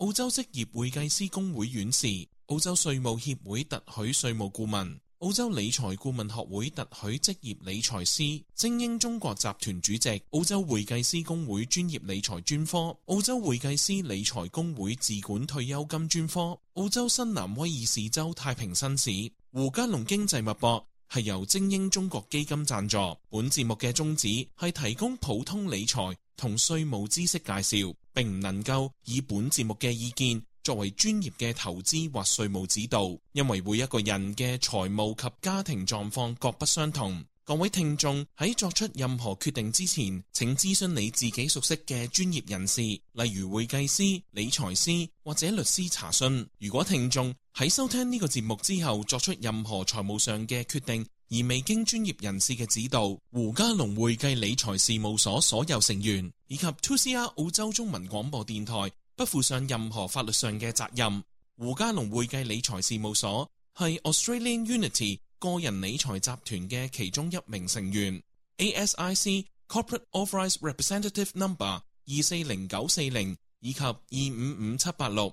澳洲職業會計師公會院士、澳洲稅務協會特許稅務顧問、澳洲理財顧問學會特許職業理財師、精英中國集團主席、澳洲會計師公會專業理財專科、澳洲會計師理財公會自管退休金專科、澳洲新南威爾士州太平紳士胡嘉龍經濟脈搏係由精英中國基金贊助，本節目嘅宗旨係提供普通理財。同稅務知識介紹，並唔能夠以本節目嘅意見作為專業嘅投資或稅務指導，因為每一個人嘅財務及家庭狀況各不相同。各位聽眾喺作出任何決定之前，請諮詢你自己熟悉嘅專業人士，例如會計師、理財師或者律師查詢。如果聽眾喺收聽呢個節目之後作出任何財務上嘅決定，而未經專業人士嘅指導，胡家龍會計理財事務所所有成員以及 2CR 澳洲中文廣播電台不負上任何法律上嘅責任。胡家龍會計理財事務所係 Australian Unity 個人理財集團嘅其中一名成員，ASIC Corporate Authorised Representative Number 二四零九四零以及二五五七八六。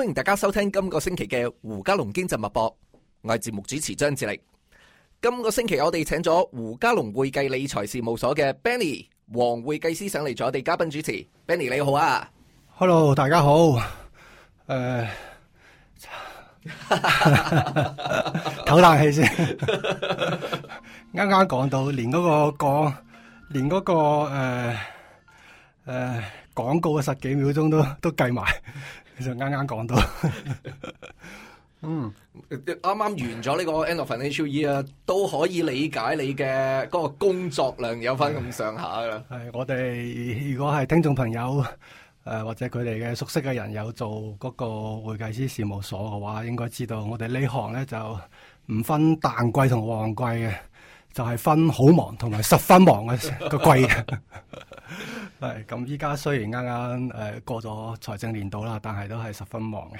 歡迎大家收聽今個星期嘅胡嘉龍經濟脈搏，我係節目主持張志力。今個星期我哋請咗胡嘉龍會計理財事務所嘅 Benny 黃會計師上嚟做我哋嘉賓主持。 Benny 你好啊，Hello，大家好。誒、uh, 唞啖氣先。啱啱講到連嗰、那個廣，連嗰、那個誒誒廣告嘅十幾秒鐘都都計埋。就啱啱講到， 嗯，啱啱完咗呢個 end of financial year 啊，都可以理解你嘅個工作量有翻咁上下噶。 係我哋如果係聽眾朋友誒、呃、或者佢哋嘅熟悉嘅人有做嗰個會計師事務所嘅話，應該知道我哋呢行咧就唔分淡季同旺季嘅，就係分好、就是、忙同埋十分忙嘅季節。係咁，依家雖然啱啱誒過咗財政年度啦，但係都係十分忙嘅。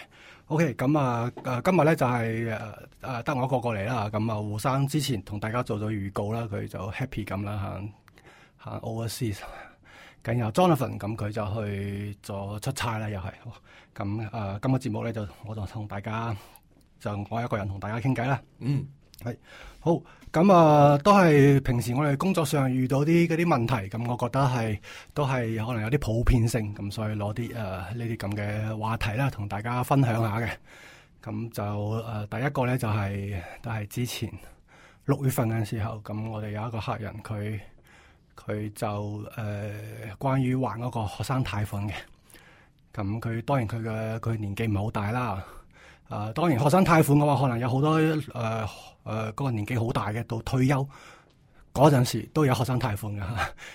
OK，咁、嗯、啊，誒今日咧就係誒誒得我一個過嚟啦。咁、嗯、啊，胡生之前同大家做咗預告啦，佢就 happy 咁啦嚇嚇 overseas，跟住 Jonathan 咁、嗯、佢就去咗出差啦，又係。咁、嗯、誒、嗯，今日節目咧就我就同大家就我一個人同大家傾偈啦。嗯。係好咁啊，嗯，都係平時我哋工作上遇到啲嗰啲問題，咁、嗯、我覺得係都係可能有啲普遍性，咁、嗯、所以攞啲誒呢啲咁嘅話題啦，同大家分享下嘅。咁、嗯、就誒、呃，第一個咧就係、是、都係之前六月份嘅時候，咁、嗯、我哋有一個客人，佢佢就誒、呃、關於還嗰個學生貸款嘅。咁、嗯、佢當然佢嘅佢年紀唔係好大啦。誒、呃、當然學生貸款嘅話，可能有好多誒誒嗰個年紀好大嘅到退休嗰陣時都有學生貸款嘅。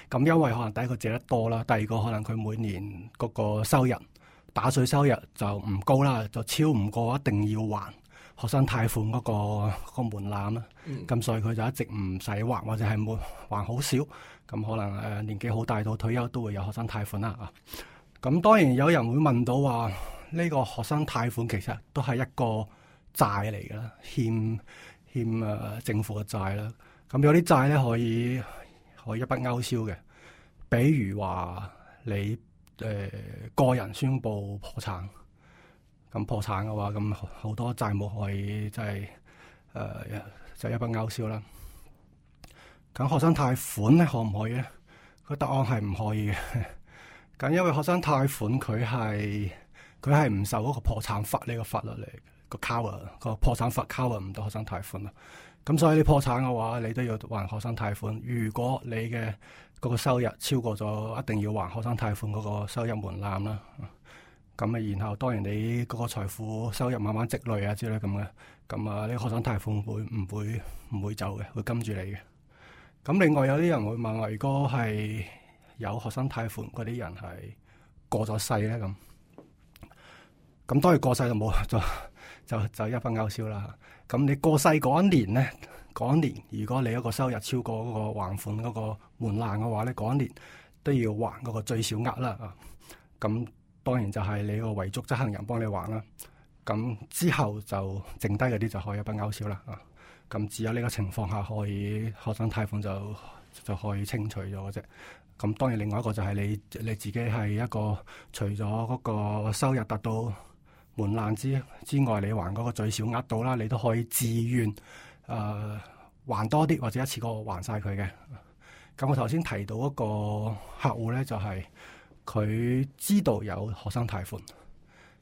咁因為可能第一個借得多啦，第二個可能佢每年嗰個收入打稅收入就唔高啦，就超唔過一定要還學生貸款嗰、嗰個、嗰個門檻啦。咁、嗯、所以佢就一直唔使還或者係冇還好少。咁可能誒、呃、年紀好大到退休都會有學生貸款啦。啊，咁當然有人會問到話。呢個學生貸款其實都係一個債嚟㗎，欠欠誒、呃、政府嘅債啦。咁有啲債咧可以可以一筆勾銷嘅，比如話你誒、呃、個人宣布破產，咁破產嘅話，咁好多債務可以即係誒即一筆勾銷啦。咁學生貸款咧可唔可以咧？個答案係唔可以嘅。咁 因為學生貸款佢係。佢係唔受嗰個破產法呢個法律嚟個 cover 個破產法 cover 唔到學生貸款啦。咁所以你破產嘅話，你都要還學生貸款。如果你嘅嗰個收入超過咗一定要還學生貸款嗰個收入門檻啦，咁啊，然後當然你嗰個財富收入慢慢積累啊之類咁嘅，咁啊，你學生貸款會唔會唔會走嘅？會跟住你嘅。咁另外有啲人會問：如果係有學生貸款嗰啲人係過咗世咧咁？咁當然過世就冇，就就就一筆勾銷啦。咁你過世嗰一年咧，嗰一年如果你一個收入超過嗰個還款嗰個門檻嘅話咧，嗰一年都要還嗰個最少額啦。咁當然就係你個遺囑執行人幫你還啦。咁之後就剩低嗰啲就可以一筆勾銷啦。咁只有呢個情況下可以學生貸款就就可以清除咗啫。咁當然另外一個就係你你自己係一個除咗嗰個收入達到門檻之之外，你還嗰個最少額度啦，你都可以自願誒、呃、還多啲，或者一次過還晒佢嘅。咁、啊、我頭先提到一個客戶咧，就係、是、佢知道有學生貸款，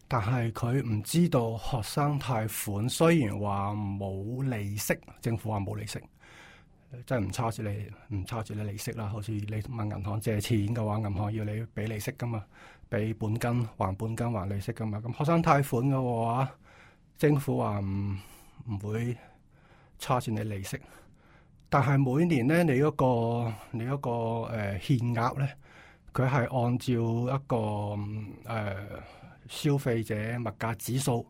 但係佢唔知道學生貸款雖然話冇利息，政府話冇利息，呃、真係唔差住你唔差住啲利息啦。好似你問銀行借錢嘅話，銀行要你俾利息㗎嘛。俾本金，還本金還利息噶嘛？咁學生貸款嘅話，政府話唔唔會差算你利息，但係每年咧，你嗰個你嗰個誒欠、呃、額咧，佢係按照一個誒、呃、消費者物價指數，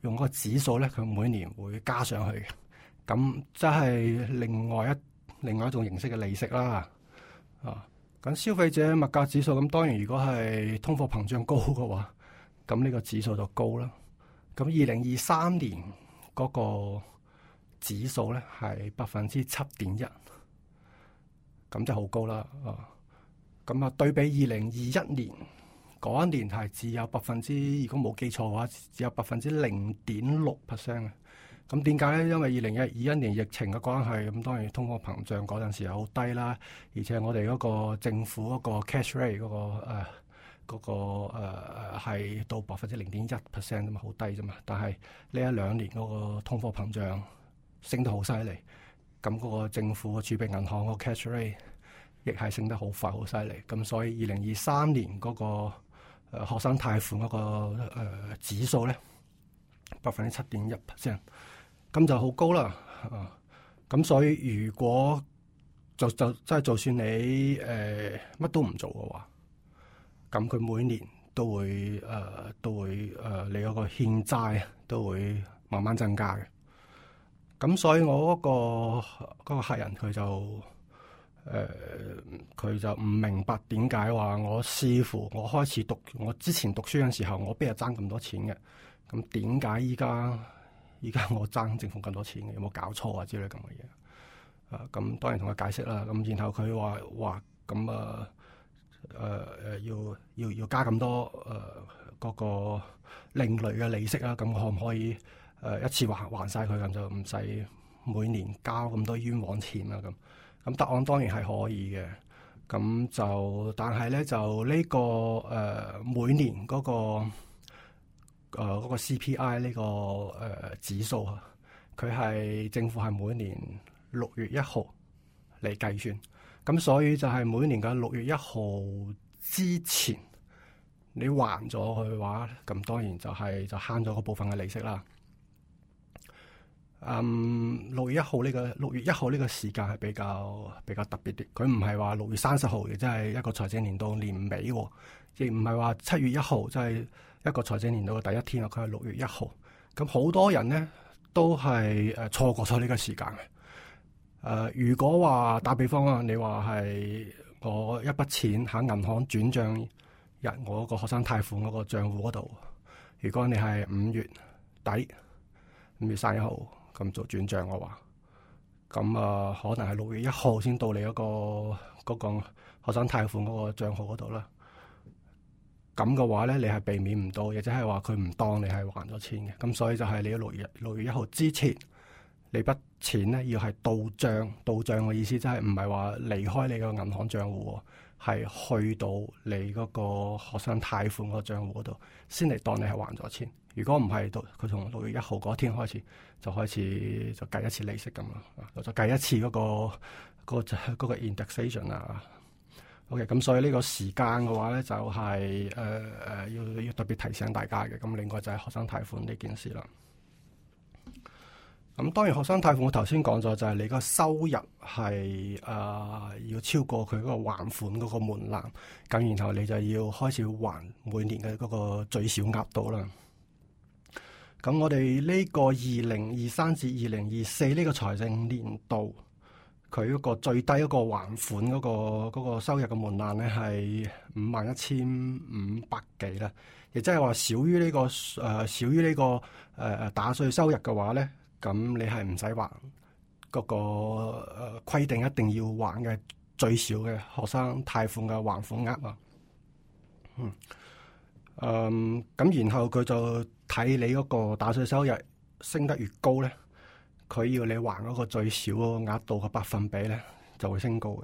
用嗰個指數咧，佢每年會加上去嘅。咁即係另外一另外一種形式嘅利息啦，啊。咁消費者物價指數咁當然，如果係通貨膨脹高嘅話，咁呢個指數就高啦。咁二零二三年嗰個指數咧係百分之七點一，咁就好高啦。啊，咁啊對比二零二一年嗰一年係只有百分之，如果冇記錯嘅話，只有百分之零點六 percent 嘅。咁點解咧？因為二零二一年疫情嘅關係，咁當然通貨膨脹嗰陣時又好低啦，而且我哋嗰個政府嗰個 cash rate 嗰、嗰個誒嗰個係到百分之零點一 percent 咁啊，好、那個啊、低啫嘛。但係呢一兩年嗰個通貨膨脹升得好犀利，咁、那、嗰個政府嘅儲備銀行個 cash rate 亦係升得好快好犀利。咁所以二零二三年嗰個學生貸款嗰個指數咧，百分之七點一 percent。咁就好高啦，啊！咁所以如果就就即係，就算你誒乜、呃、都唔做嘅話，咁佢每年都會誒、呃、都會誒、呃、你嗰個欠債，都會慢慢增加嘅。咁所以我嗰、嗰個、嗰個客人佢就誒佢、呃、就唔明白點解話，我似乎我開始讀，我之前讀書嘅時候，我邊度爭咁多錢嘅？咁點解依家？而家我爭政府咁多錢，有冇搞錯啊之類咁嘅嘢？啊，咁、啊、當然同佢解釋啦。咁然後佢話：話咁啊，誒、啊、誒要要要加咁多誒、啊、各個另類嘅利息啊。」咁可唔可以誒、啊、一次還還晒佢，咁就唔使每年交咁多冤枉錢啦？咁、啊、咁、啊、答案當然係可以嘅。咁、啊、就但係咧就呢、呢個誒、啊、每年嗰、嗰個。誒，嗰、呃那個 CPI 呢、這個誒、呃、指數啊，佢係政府係每年六月一號嚟計算，咁所以就係每年嘅六月一號之前你還咗佢嘅話，咁當然就係、是、就慳咗個部分嘅利息啦。嗯，六月一號呢個六月一號呢個時間係比較比較特別啲，佢唔係話六月三十號，亦即係一個財政年度年尾，亦唔係話七月一號，即係。一個財政年度嘅第一天啊，佢係六月一號，咁好多人咧都係誒錯過咗呢個時間嘅。誒、呃，如果話打比方啊，你話係我一筆錢喺銀行轉賬入我個學生貸款嗰個賬戶嗰度，如果你係五月底五月三一號咁做轉賬嘅話，咁啊可能係六月一號先到你嗰、那個嗰、那個學生貸款嗰個賬戶嗰度啦。咁嘅話咧，你係避免唔到，亦即係話佢唔當你係還咗錢嘅。咁所以就係你六月六月一號之前，你筆錢咧要係到帳，到帳嘅意思即係唔係話離開你個銀行賬戶，係去到你嗰個學生貸款個賬戶嗰度先嚟當你係還咗錢。如果唔係到佢從六月一號嗰天開始就開始就計一次利息咁咯，就計一次嗰個嗰個嗰個 indexation 啊。嗰個 ind OK，咁所以呢個時間嘅話咧、就是，就係誒誒，要要特別提醒大家嘅。咁另外就係學生貸款呢件事啦。咁當然學生貸款，我頭先講咗，就係你個收入係誒、呃、要超過佢嗰個還款嗰個門檻，咁然後你就要開始還每年嘅嗰個最少額度啦。咁我哋呢個二零二三至二零二四呢個財政年度。佢一個最低一個還款嗰、嗰個嗰個收入嘅門檻咧係五萬一千五百幾啦，亦即係話少於呢、呢個誒、呃、少於呢、呢個誒、呃、打稅收入嘅話咧，咁你係唔使還嗰個、呃、規定一定要還嘅最少嘅學生貸款嘅還款額啊。嗯，誒、嗯、咁然後佢就睇你嗰個打稅收入升得越高咧。佢要你還嗰個最少嗰個額度嘅百分比咧，就會升高嘅。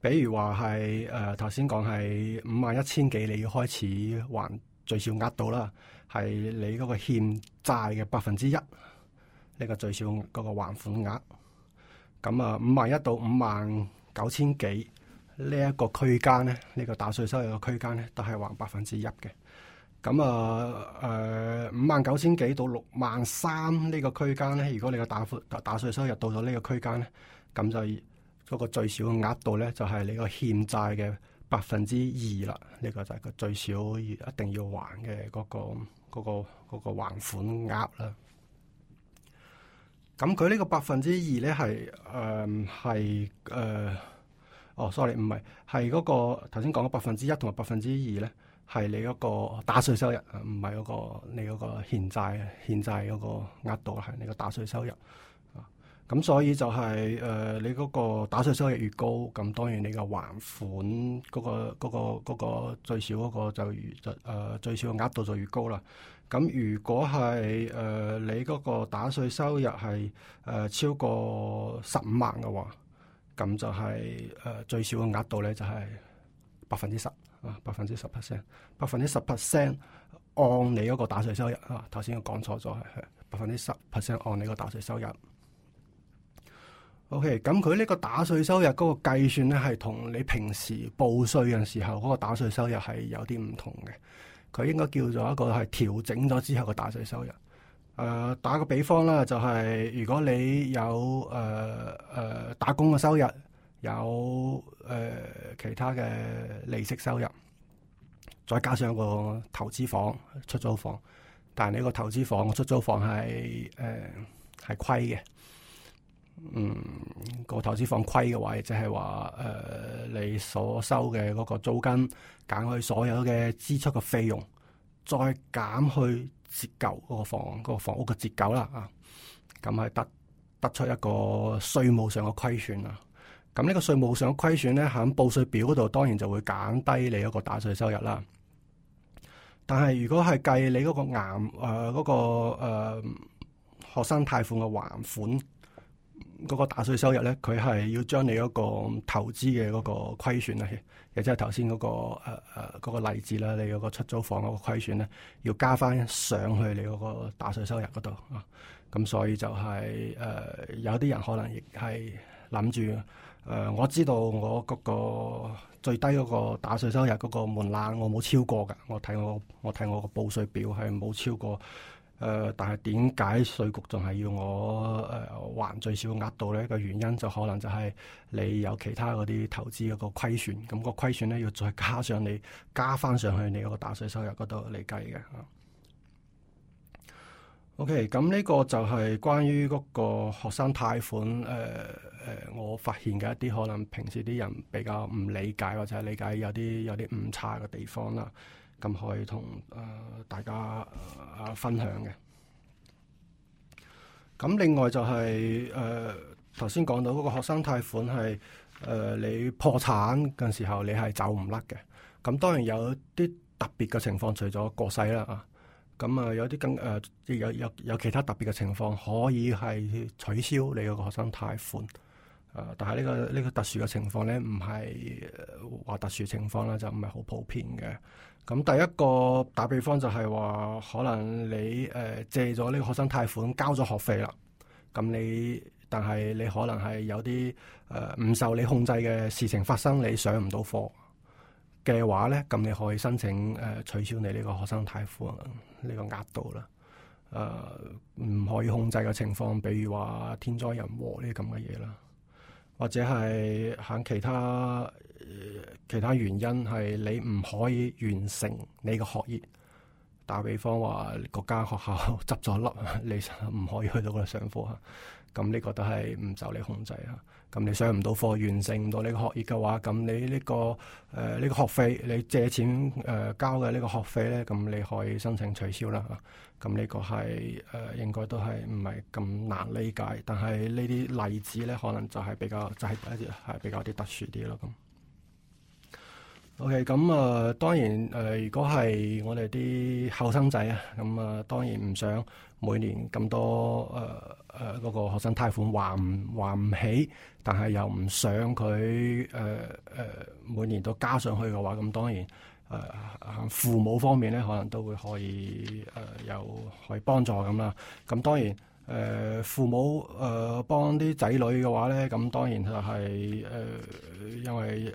比如話係誒頭先講係五萬一千幾，呃、51, 你要開始還最少額度啦，係你嗰個欠債嘅百分之一，呢個最少嗰個還款額。咁啊，五萬一到五萬九千幾呢一個區間咧，呢、呢個打稅收入嘅區間咧，都係還百分之一嘅。咁啊，誒五萬九千幾到六萬三呢個區間咧，如果你個打寬打稅收入到咗呢個區間咧，咁就嗰個最少嘅額度咧，就係、係、你個欠債嘅百分之二啦。呢、呢個就係個最少一定要還嘅嗰、嗰個嗰、嗰個嗰個還款額啦。咁佢呢個百分之二咧，係誒係誒，哦，sorry，唔係，係嗰、嗰個頭先講嘅百分之一同埋百分之二咧。係你嗰個打稅收入啊，唔係嗰個你嗰個欠債欠債嗰個額度，係你個打稅收入啊。咁所以就係、是、誒、呃、你嗰個打稅收入越高，咁當然你、嗰個還款嗰個嗰、嗰個嗰個、最少嗰個就越就誒最少嘅額度就越高啦。咁如果係誒、呃、你嗰個打稅收入係誒、呃、超過十五萬嘅話，咁就係、是、誒、呃、最少嘅額度咧就係百分之十。啊、百分之十 percent，百分之十 percent 按你嗰個打稅收入啊，頭先我講錯咗，係、啊、百分之十 percent 按你個打稅收入。OK，咁佢呢個打稅收入嗰個計算咧，係同你平時報稅嘅時候嗰個打稅收入係有啲唔同嘅。佢應該叫做一個係調整咗之後嘅打稅收入。誒、啊，打個比方啦，就係、是、如果你有誒誒、呃呃、打工嘅收入。有誒、呃，其他嘅利息收入，再加上個投資房、出租房，但係呢個投資房出租房係誒係虧嘅。嗯，個投資房虧嘅話，亦即係話誒，你所收嘅嗰個租金減去所有嘅支出嘅費用，再減去折舊個房、個房屋嘅折舊啦啊，咁係得得出一個稅務上嘅虧損啦。咁呢個稅務上嘅虧損咧，喺報稅表嗰度當然就會減低你嗰個打稅收入啦。但係如果係計你嗰個硬誒、呃嗰個誒、呃、學生貸款嘅還款嗰、嗰個打稅收入咧，佢係要將你嗰個投資嘅嗰個虧損啊，亦即係頭先嗰個誒誒嗰個例子啦，你嗰個出租房嗰個虧損咧，要加翻上去你嗰個打稅收入嗰度啊。咁所以就係、係、誒、呃、有啲人可能亦係諗住。誒、呃、我知道我嗰個最低嗰個打稅收入嗰個門檻，我冇超過嘅。我睇我我睇我個報稅表係冇超過。誒、呃，但係點解稅局仲係要我誒、呃、還最少額度呢？個原因就可能就係你有其他嗰啲投資嗰個虧損，咁個虧損咧，要再加上你加翻上去你嗰個打稅收入嗰度嚟計嘅。OK，咁呢個就係關於嗰個學生貸款誒。呃誒、呃，我發現嘅一啲可能平時啲人比較唔理解，或者係理解有啲有啲誤差嘅地方啦，咁可以同誒、呃、大家、呃、分享嘅。咁另外就係誒頭先講到嗰個學生貸款係誒、呃、你破產嘅時候你，你係走唔甩嘅。咁當然有啲特別嘅情況，除咗過世啦啊，咁啊有啲更誒、呃、有有有其他特別嘅情況，可以係取消你個學生貸款。誒，但係呢、呢個呢、呢個特殊嘅情況咧，唔係話特殊情況啦，就唔係好普遍嘅。咁第一個打比方就係話，可能你誒借咗呢個學生貸款交咗學費啦。咁你但係你可能係有啲誒唔受你控制嘅事情發生，你上唔到課嘅話咧，咁你可以申請誒、呃、取消你呢個學生貸款呢、呢個額度啦。誒、呃、唔可以控制嘅情況，比如話天災人禍呢啲咁嘅嘢啦。或者係喺其他其他原因係你唔可以完成你嘅學業，打比方話個間學校執咗笠，你唔可以去到嗰度上課嚇，咁呢個都係唔受你控制嚇。咁你上唔到課，完成唔到你嘅學業嘅話，咁你呢、這個誒呢、呃這個學費，你借錢誒、呃、交嘅呢個學費咧，咁你可以申請取消啦嚇。咁呢個係誒、呃、應該都係唔係咁難理解，但係呢啲例子咧，可能就係比較就係、是、係比較啲特殊啲咯咁。OK，咁、嗯、啊、呃、當然誒、呃，如果係我哋啲後生仔啊，咁、嗯、啊、呃、當然唔想每年咁多誒。呃誒嗰、呃那個學生貸款還唔還唔起，但係又唔想佢誒誒每年都加上去嘅話，咁當然誒、呃、父母方面咧，可能都會可以誒、呃、有可以幫助咁啦。咁當然誒、呃、父母誒、呃、幫啲仔女嘅話咧，咁當然就係、是、誒、呃、因為誒佢、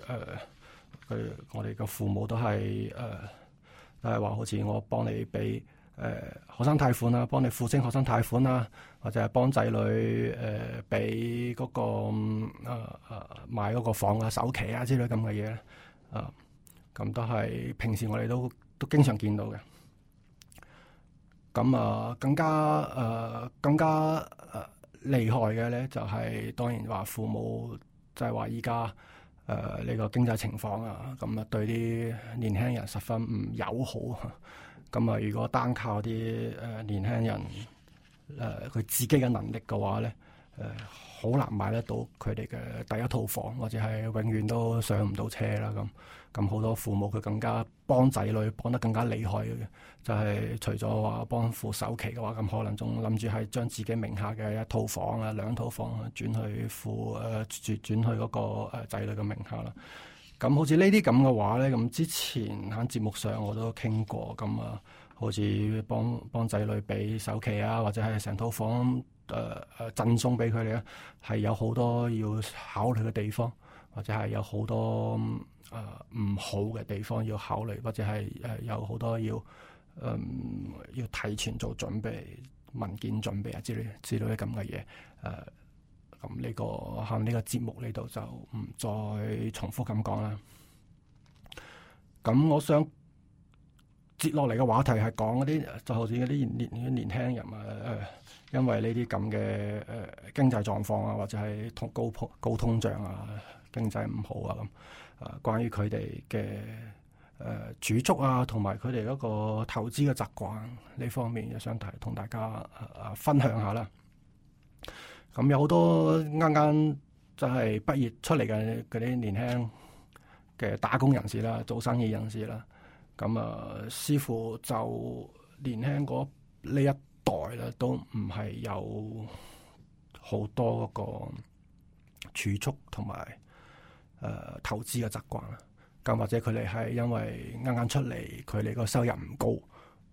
呃、我哋嘅父母都係誒都係話好似我幫你俾。誒、呃，學生貸款啊，幫你付清學生貸款啊，或者係幫仔女誒俾嗰個誒誒、呃、買嗰個房嘅首期啊之類咁嘅嘢，啊、呃，咁都係平時我哋都都經常見到嘅。咁啊，更加誒、呃、更加誒、呃、厲害嘅咧，就係、是、當然話父母就係話依家誒呢個經濟情況啊，咁啊對啲年輕人十分唔友好啊。咁啊，如果單靠啲誒年輕人誒佢、呃、自己嘅能力嘅話咧，誒、呃、好難買得到佢哋嘅第一套房，或者係永遠都上唔到車啦咁。咁好多父母佢更加幫仔女幫得更加厲害嘅，就係、是、除咗話幫付首期嘅話，咁可能仲諗住係將自己名下嘅一套房啊、兩套房轉去付誒轉轉去嗰、那個仔、呃那個呃、女嘅名下啦。咁好似呢啲咁嘅話咧，咁之前喺節目上我都傾過，咁啊，好似幫幫仔女俾首期啊，或者係成套房誒誒、呃、贈送俾佢哋啊，係有好多要考慮嘅地方，或者係有多、呃、好多誒唔好嘅地方要考慮，或者係誒有好多要嗯、呃、要提前做準備文件準備啊之類之類嘅咁嘅嘢誒。呃咁呢、這個喺呢、這個節目呢度就唔再重複咁講啦。咁我想接落嚟嘅話題係講嗰啲，就好似嗰啲年年輕人啊，誒、呃，因為呢啲咁嘅誒經濟狀況啊，或者係通高高、高通脹啊，經濟唔好啊，咁、呃、誒，關於佢哋嘅誒儲蓄啊，同埋佢哋嗰個投資嘅習慣呢方面，就想提同大家誒、呃、分享下啦。咁、嗯、有好多啱啱就係畢業出嚟嘅嗰啲年輕嘅打工人士啦，做生意人士啦，咁啊似乎就年輕嗰呢一代咧，都唔係有好多嗰個儲蓄同埋誒投資嘅習慣啦。咁或者佢哋係因為啱啱出嚟，佢哋個收入唔高，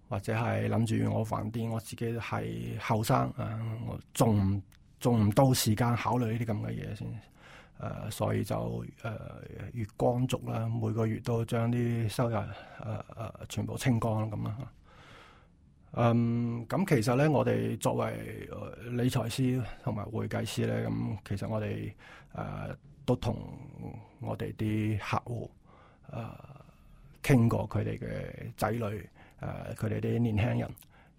或者係諗住我飯店，我自己係後生啊，我仲～仲唔到時間考慮呢啲咁嘅嘢先，誒、呃，所以就誒月、呃、光族啦，每個月都將啲收入誒誒、呃、全部清光咁啦。嗯，咁、嗯、其實咧，我哋作為理財師同埋會計師咧，咁、嗯、其實我哋誒、呃、都同我哋啲客戶誒傾過佢哋嘅仔女，誒佢哋啲年輕人，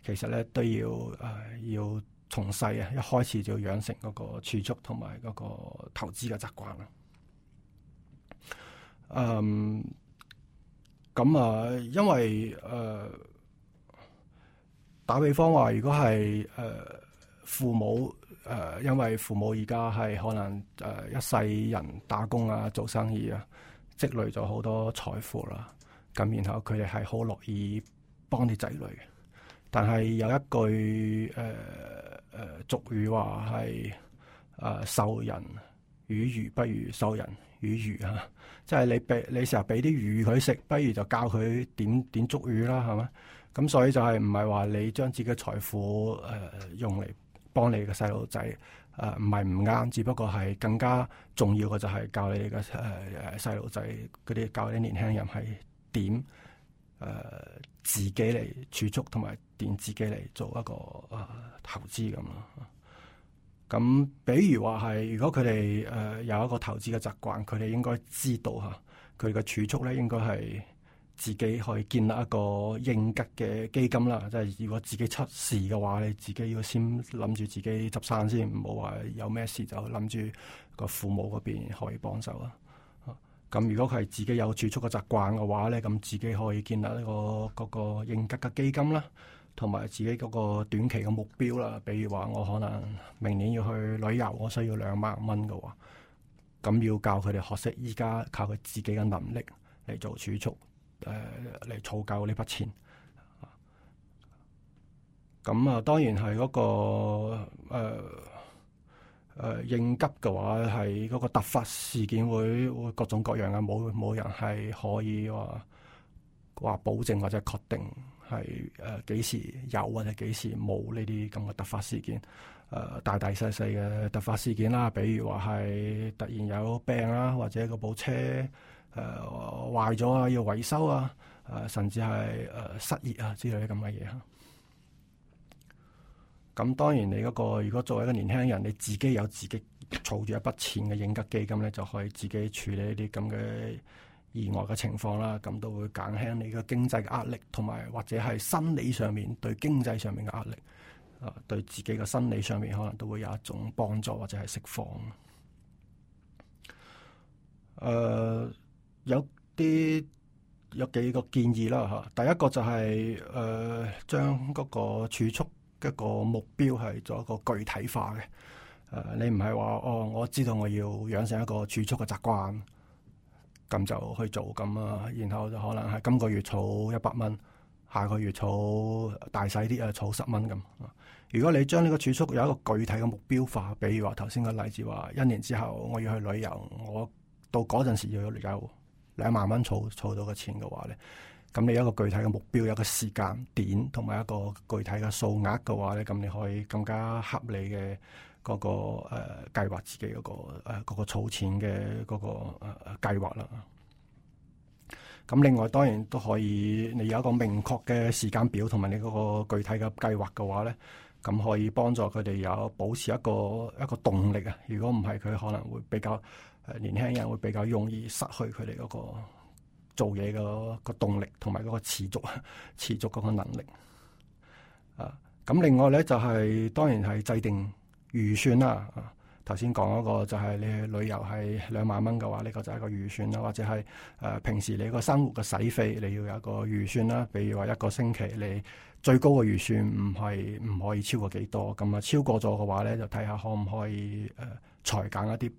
其實咧都要誒、呃、要。從細啊，一開始就養成嗰個儲蓄同埋嗰個投資嘅習慣啦。嗯，咁啊，因為誒、呃，打比方話，如果係誒、呃、父母誒、呃，因為父母而家係可能誒、呃、一世人打工啊、做生意啊，積累咗好多財富啦。咁然後佢哋係好樂意幫啲仔女，但係有一句誒。呃誒、呃、俗語話係誒、呃、授人以魚，不如授人以漁啊！即係你俾你成日俾啲魚佢食，不如就教佢點點捉魚啦，係咪？咁所以就係唔係話你將自己財富誒、呃、用嚟幫你嘅細路仔誒，唔係唔啱，只不過係更加重要嘅就係教你嘅誒細路仔嗰啲，教啲年輕人係點誒。呃自己嚟儲蓄同埋電子機嚟做一個誒、啊、投資咁咯。咁、啊、比如話係，如果佢哋誒有一個投資嘅習慣，佢哋應該知道嚇，佢、啊、嘅儲蓄咧應該係自己去建立一個應急嘅基金啦。即、就、係、是、如果自己出事嘅話，你自己要先諗住自己執生先，唔好話有咩事就諗住個父母嗰邊可以幫手啊。咁如果佢係自己有儲蓄嘅習慣嘅話咧，咁自己可以建立呢個嗰、嗰個應急嘅基金啦，同埋自己嗰個短期嘅目標啦。比如話我可能明年要去旅遊，我需要兩萬蚊嘅話，咁要教佢哋學識依家靠佢自己嘅能力嚟做儲蓄，誒、呃、嚟儲夠呢筆錢。咁啊、嗯，當然係嗰、嗰個、呃誒、uh, 應急嘅話係嗰個突發事件，會會各種各樣嘅，冇冇人係可以話話保證或者確定係誒，幾時有或者幾時冇呢啲咁嘅突發事件誒、呃，大大細細嘅突發事件啦，比如話係突然有病啦，啊，或者嗰部車誒、呃、壞咗啊，要維修啊，誒甚至係誒、呃、失業啊之類咁嘅嘢。咁當然你、那個，你嗰個如果作為一個年輕人，你自己有自己儲住一筆錢嘅應急基金咧，就可以自己處理呢啲咁嘅意外嘅情況啦。咁都會減輕你嘅經濟嘅壓力，同埋或者係心理上面對經濟上面嘅壓力，啊，對自己嘅心理上面可能都會有一種幫助，或者係釋放。誒、呃，有啲有幾個建議啦嚇。第一個就係、是、誒、呃，將嗰個儲蓄，一個目標係做一個具體化嘅，誒、呃，你唔係話哦，我知道我要養成一個儲蓄嘅習慣，咁就去做咁啊，然後就可能係今個月儲一百蚊，下個月儲大細啲啊，儲十蚊咁。如果你將呢個儲蓄有一個具體嘅目標化，比如話頭先個例子話，一年之後我要去旅遊，我到嗰陣時要有理解兩萬蚊儲儲到嘅錢嘅話咧。咁你有一個具體嘅目標，一個時間點，同埋一個具體嘅數額嘅話咧，咁你可以更加合理嘅嗰個誒計劃自己嗰個誒嗰個儲錢嘅嗰個誒計劃啦。咁另外當然都可以，你有一個明確嘅時間表，同埋你嗰個具體嘅計劃嘅話咧，咁可以幫助佢哋有保持一個一個動力啊。如果唔係，佢可能會比較誒年輕人會比較容易失去佢哋嗰個。做嘢嗰個動力同埋嗰個持續、持續嗰個能力啊，咁另外呢，就係、是、當然係制定預算啦。啊，頭先講嗰個就係你去旅遊係兩萬蚊嘅話，呢個就係個預算啦。或者係誒、啊、平時你個生活嘅使費，你要有一個預算啦。比如話一個星期你最高嘅預算唔係唔可以超過幾多，咁啊超過咗嘅話呢，就睇下可唔可以誒、啊、裁減一啲。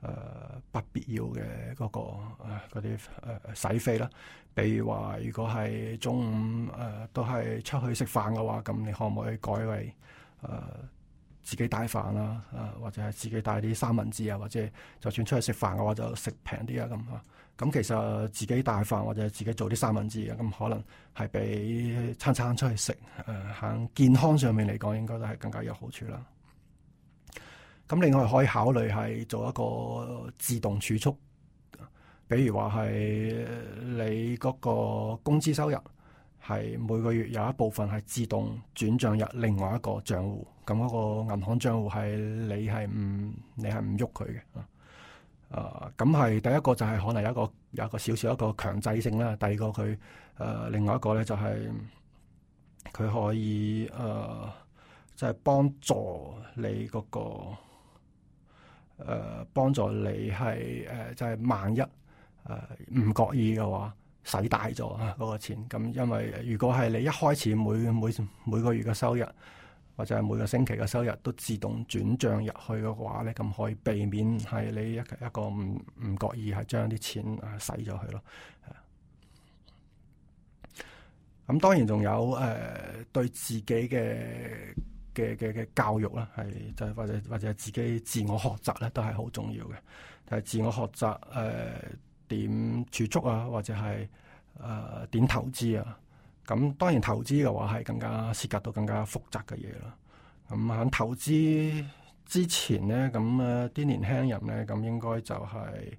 誒、呃、不必要嘅嗰、那個嗰啲誒洗費啦，比如話，如果係中午誒、呃、都係出去食飯嘅話，咁你可唔可以改為誒、呃、自己帶飯啦、啊？誒、呃、或者係自己帶啲三文治啊，或者就算出去食飯嘅話就食平啲啊咁啊？咁、啊、其實自己帶飯或者自己做啲三文治啊，咁、嗯、可能係比餐餐出去食誒喺健康上面嚟講應該都係更加有好處啦。咁另外可以考慮係做一個自動儲蓄，比如話係你嗰個工資收入係每個月有一部分係自動轉帳入另外一個賬戶，咁嗰個銀行賬戶係你係唔你係唔喐佢嘅啊。咁、呃、係第一個就係可能有個有個少少一個強制性啦。第二個佢誒、呃、另外一個咧就係佢可以誒、呃、就係、是、幫助你嗰、那個。誒，幫、呃、助你係誒、呃，就係、是、萬一誒唔覺意嘅話，使大咗嗰、那個錢。咁因為如果係你一開始每每每個月嘅收入，或者係每個星期嘅收入都自動轉賬入去嘅話咧，咁可以避免係你一個唔唔覺意係將啲錢誒使咗去咯。咁當然仲有誒、呃，對自己嘅。嘅嘅嘅教育啦，係就或者或者自己自我學習啦，都係好重要嘅。係、就是、自我學習誒、呃、點儲蓄啊，或者係誒、呃、點投資啊。咁當然投資嘅話係更加涉及到更加複雜嘅嘢啦。咁喺投資之前咧，咁啊啲年輕人咧，咁應該就係、是、誒、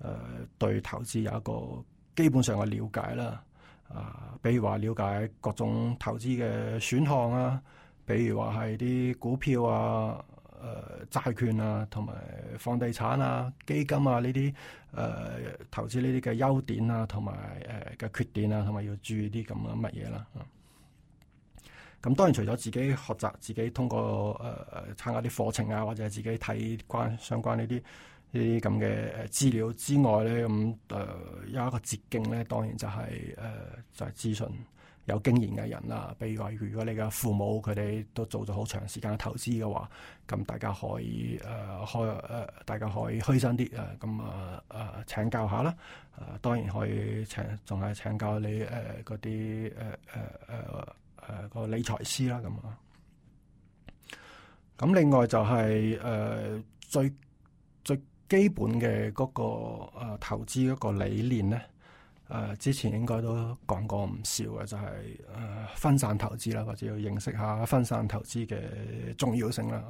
呃、對投資有一個基本上嘅了解啦。啊、呃，比如話了解各種投資嘅選項啊。比如話係啲股票啊、誒、呃、債券啊、同埋房地產啊、基金啊呢啲誒投資呢啲嘅優點啊，同埋誒嘅缺點啊，同埋要注意啲咁嘅乜嘢啦。咁、啊、當然除咗自己學習、自己通過誒、呃、參加啲課程啊，或者自己睇關相關呢啲呢啲咁嘅資料之外咧，咁、嗯、誒、呃、有一個捷徑咧，當然就係、是、誒、呃、就係諮詢。有經驗嘅人啦，比如話，如果你嘅父母佢哋都做咗好長時間嘅投資嘅話，咁大家可以誒開誒，大家可以虛心啲啊！咁啊誒，請教下啦、呃，當然可以請，仲係請教你誒嗰啲誒誒誒誒個理財師啦，咁啊。咁另外就係、是、誒、呃、最最基本嘅嗰、那個、啊、投資嗰個理念咧。誒之前應該都講過唔少嘅，就係、是、誒分散投資啦，或者要認識下分散投資嘅重要性啦。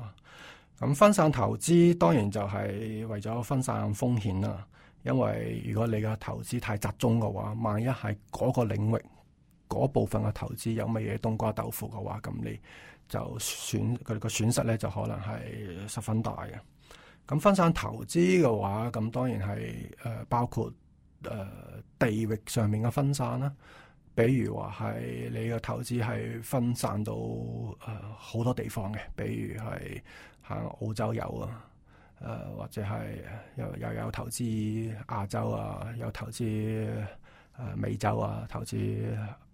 咁分散投資當然就係為咗分散風險啦。因為如果你嘅投資太集中嘅話，萬一係嗰個領域嗰部分嘅投資有乜嘢冬瓜豆腐嘅話，咁你就損佢哋個損失咧，就可能係十分大嘅。咁分散投資嘅話，咁當然係誒、呃、包括。誒地域上面嘅分散啦，比如話，係你嘅投資係分散到誒好多地方嘅，比如係行澳洲遊啊，誒或者係又又有投資亞洲啊，有投資誒美洲啊，投資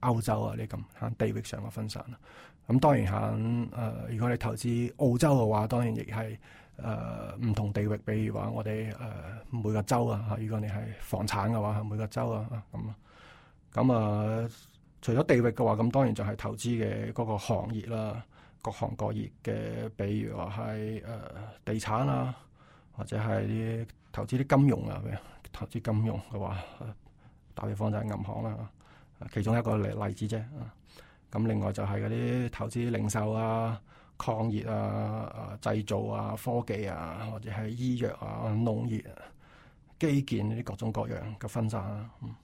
歐洲啊呢咁，響地域上嘅分散。咁當然響，誒，如果你投資澳洲嘅話，當然亦係。誒唔、呃、同地域，比如話我哋誒、呃、每個州啊，如果你係房產嘅話，每個州啊咁。咁啊、啊，除咗地域嘅話，咁當然就係投資嘅嗰個行業啦，各行各業嘅，比如話係誒地產啊，或者係啲投資啲金融啊，投資金融嘅話，打、啊、比方就係銀行啦、啊，其中一個例例子啫。咁、啊啊、另外就係嗰啲投資零售啊。礦業啊、製、啊、造啊、科技啊，或者係醫藥啊、農業、啊、基建呢、啊、啲各種各樣嘅分散、啊。嗯，誒、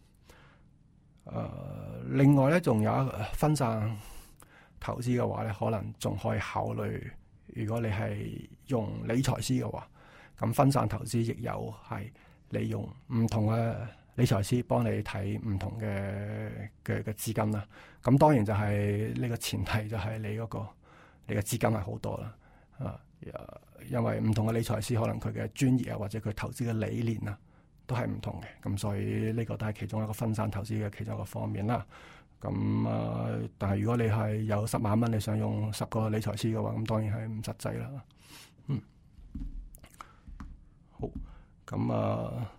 呃，另外咧，仲有分散投資嘅話咧，可能仲可以考慮。如果你係用理財師嘅話，咁分散投資亦有係利用唔同嘅理財師幫你睇唔同嘅嘅嘅資金啦、啊。咁當然就係呢個前提就係你嗰、那個。你嘅資金係好多啦，啊，因為唔同嘅理財師可能佢嘅專業啊，或者佢投資嘅理念啊，都係唔同嘅，咁所以呢個都係其中一個分散投資嘅其中一個方面啦。咁啊，但係如果你係有十萬蚊，你想用十個理財師嘅話，咁當然係唔實際啦。嗯，好，咁啊。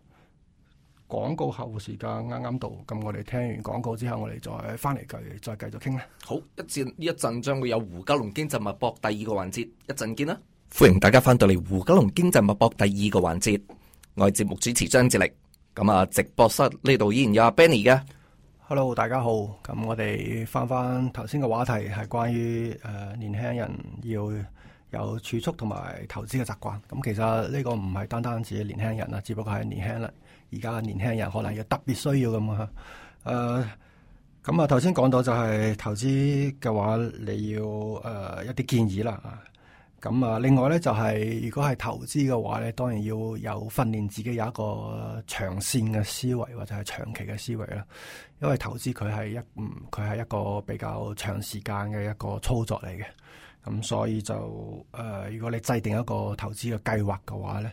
廣告客戶時間啱啱到，咁我哋聽完廣告之後，我哋再翻嚟繼再繼續傾啦。好，一陣呢一陣將會有胡嘉龍經濟脈搏第二個環節，一陣見啦。歡迎大家翻到嚟胡嘉龍經濟脈搏第二個環節，我係節目主持張志力。咁啊，直播室呢度依然有阿 Benny 嘅。Hello，大家好。咁我哋翻翻頭先嘅話題係關於誒，年輕人要有儲蓄同埋投資嘅習慣。咁其實呢個唔係單單只係年輕人啊，只不過係年輕人。而家年輕人可能要特別需要咁啊，誒、呃，咁啊頭先講到就係投資嘅話，你要誒、呃、一啲建議啦，咁、嗯、啊，另外咧就係、是、如果係投資嘅話咧，當然要有訓練自己有一個長線嘅思維或者係長期嘅思維啦，因為投資佢係一，佢係一個比較長時間嘅一個操作嚟嘅，咁、嗯、所以就誒、呃，如果你制定一個投資嘅計劃嘅話咧。